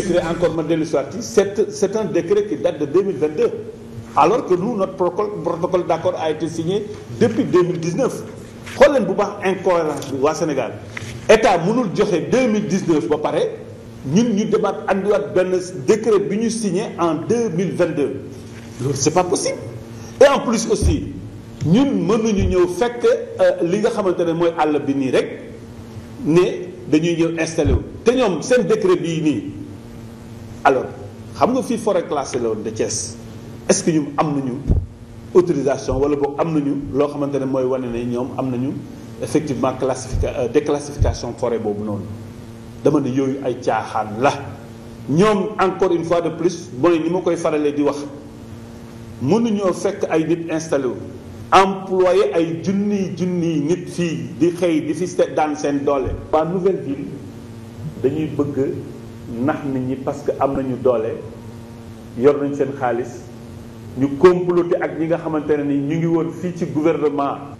décret encore ma dellu soit c'est c'est un décret qui date de 2022 alors que nous notre protocole d'accord a été signé depuis 2019 bu baax incohérence bi waa Sénégal état mënul joxe 2019 ba pare ñun ñu demaat andiwaat benn décret bi ñu signé en 2022 loolu c'est pas possible et en plus aussi ñun mënuñu ñëw fekk euh, li nga xamante ne mooy àll bi nii rek ne dañuy ñëw installé wu te ñoom seen décret bii nii alors xam nga fii forêt classée la woon de Thiès est-ce que am nañu autorisation wala boo am nañu loo xamante ne mooy wane ne ñoom am nañu effectivement classifica euh, déclassification forêt boobu noonu dama ne yooyu ay caaxaan la ñoom encore une fois de plus mooy ni ma koy faralee di wax mënuñoo fekk ay nit installé wu employé ay junniy junniy nit fii di xëy di fi daan seen doole waa Nouvelle Ville dañuy bëgg nax nit ñi parce que am nañu doole yor nañ seen xaalis ñu comploté ak ñi nga xamante ne ni ñu ngi woon fii ci gouvernement